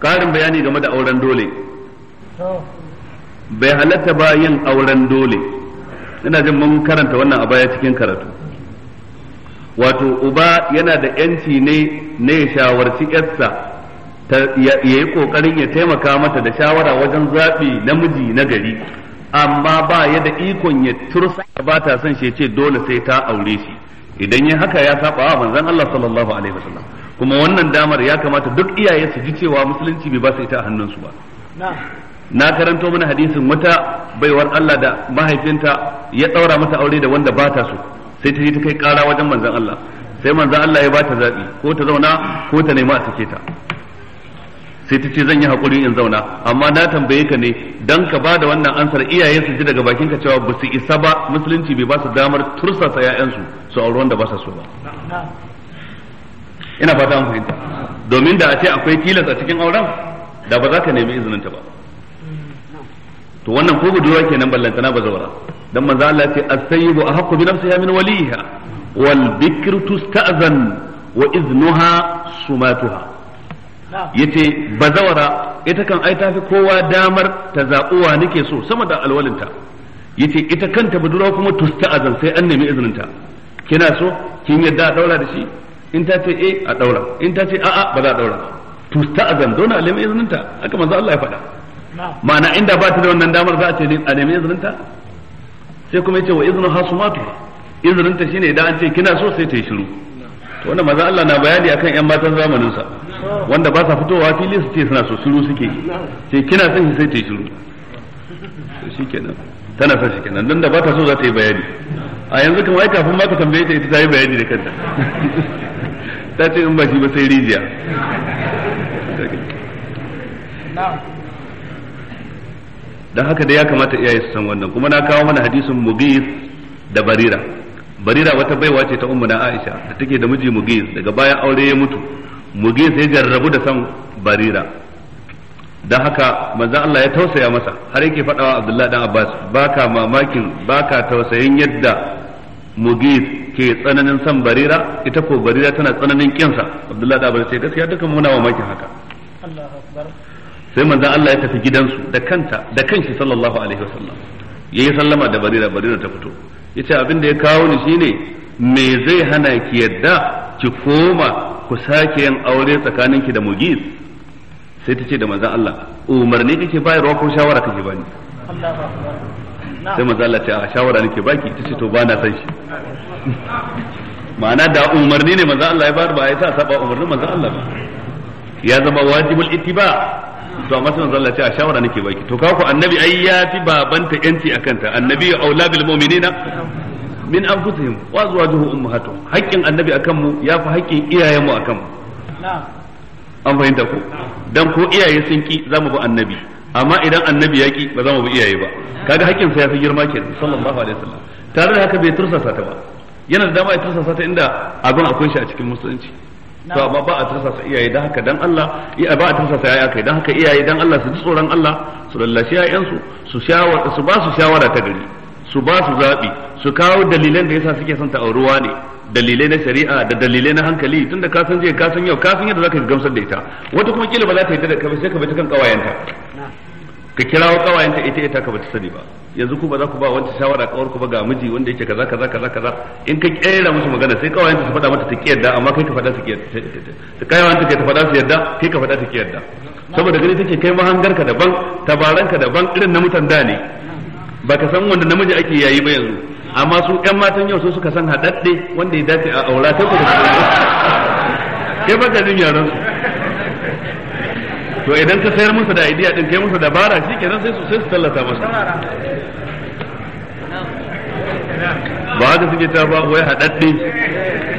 karin bayani game da auren dole bai halatta ba yin auren dole ina jin mun karanta wannan a baya cikin karatu wato uba yana da yanci ne na ya shawarci yarsa ya yi kokarin ya taimaka mata da shawara wajen zaɓi namiji na gari amma ba ya da ikon ya tursa ba ta son shi ce dole sai ta aure shi idan ya haka ya saba wa manzon Allah sallallahu alaihi wasallam kuma wannan damar ya kamata duk iyaye su ji cewa musulunci bai ba su ita a hannunsu ba na karanto mana hadisin wata baiwar Allah da mahaifinta ya daura mata aure da wanda ba ta so sai ta yi ta kai kara wajen manzon Allah sai manzan Allah ya ba ta zabi ko ta zauna ko ta nema a sake ta sai ta ce zan yi hakuri in zauna amma na tambaye ka ne dan ka ba da wannan ansar iyaye su ji daga bakinka cewa ba su isa ba musulunci bai ba su damar tursasa 'ya'yansu su auri wanda ba su so ba ina fata an fahimta domin da a ce akwai tilas a cikin auren da ba za ka nemi izinin ta ba to wannan ko budurwa kenan ballantana ba zawara dan manzo Allah ya ce as-sayyibu ahqqu bi nafsiha min waliha wal bikru tusta'zan wa iznuha sumatuha yace bazawara ita kan ai tafi kowa damar ta zabuwa nake so sama da alwalinta yace ita kanta budurwa kuma tusta'zan sai an nemi izinin ta kina so kin yadda a daura da shi in ta ce eh a daura in ta ce a'a ba za a daura to sta'azan dole a nemi izininta haka manzo Allah ya faɗa ma'ana inda ba ta da wannan damar za a ce a nemi izininta, sai kuma yace wa iznu hasumatu Izininta shine idan an ce kina so sai ta yi shiru to wannan manzo Allah na bayani akan yan matan zamanin sa wanda ba sa fitowa fili su ce suna so shiru suke ce kina son sai ta yi shiru shikenan tana son shikenan dan da ba ta so za ta yi bayani a yanzu kamar kafin ma ka tambaye ta ita ta yi bayani da kanta ta ce in ba shi ba sai rijiya Don haka dai ya kamata iya su san wannan kuma na kawo mana hadisin mugis da Barira Barira wata baiwa ce ta na Aisha da take da miji mugis daga bayan aure ya mutu mugis ya jarrabu da san Barira Don haka manzon Allah ya tausaya masa har yake faɗawa Abdullahi dan Abbas baka mamakin baka tausayin yadda mugis ke tsananin san barira ita ko barira tana tsananin kinsa abdullahi da abar sai gaskiya dukan muna mamakin haka sai manza Allah ya tafi gidansu da kanta da kanshi sallallahu alaihi wasallam yayi sallama da barira barira ta fito yace abin da ya kawo ni shine me zai hana ki yadda ki koma ku sake yin aure tsakaninki da mugis sai ta ce da manza Allah umarni kake bayarwa ko shawara kake bani sai maza Allah ce a shawara nake baki ita ce to ba na san shi ma'ana da umarni ne maza Allah ya bayar ba a yi sa saba umarnin maza Allah ba ya zama wajibul ittiba to amma sai manzo Allah ce a shawara nake baki to kako annabi ai ya fi babanta yanci akan ta annabi aula bil mu'minina min anfusihim wa azwajuhu ummahatuhum haƙƙin annabi akan mu ya fi haƙƙin iyayen mu akan mu an fahimta ko dan ko iyaye sun ki zamu bi annabi amma idan annabi ya ki ba za mu bi iyaye ba kaga hakkin sa ya fi girma ke sallallahu alaihi wasallam tare da haka bai tursasa ta ba yana da dama ya tursasa ta inda abin akwai shi a cikin musulunci to amma ba a tursasa iyaye dan haka dan Allah ba a tursasa iyaye kai dan haka iyaye dan Allah su ji tsoron Allah su lallashi yayansu su shawara su ba su shawara ta gari su ba su zabi su kawo dalilan da yasa suke son ta auruwa ne dalilai na shari'a da dalilai na hankali tunda ka san jiya ka san yau ka san yadda zaka gamsar da ita wata kuma kila ba za ta yi ka sai ka bi kan kawayenta ka kirawo kawayenta ita ita ka bata sani ba yanzu ku ba za ku ba wanda shawara kawar ku ba ga miji wanda yake kaza kaza kaza kaza in ka kera musu magana sai kawayenta su faɗa mata ta kiyarda amma kai ka faɗa su kiyarda ta wanda kai ta faɗa su yarda kai ka faɗa ta kiyarda saboda gani take kai mahangarka daban tabaranka daban irin na mutan da ne ba ka san wanda namiji ake yayi ba yanzu amma su ƴan matan yau su suka san haɗaɗɗe wanda ya dace a aura ta kuma kai ba ka jin yaron su to idan ka sayar musu da idiya din kai musu dabara shi ke sai su sai su tallata masa ba haka suke ta ba wai haɗaɗɗe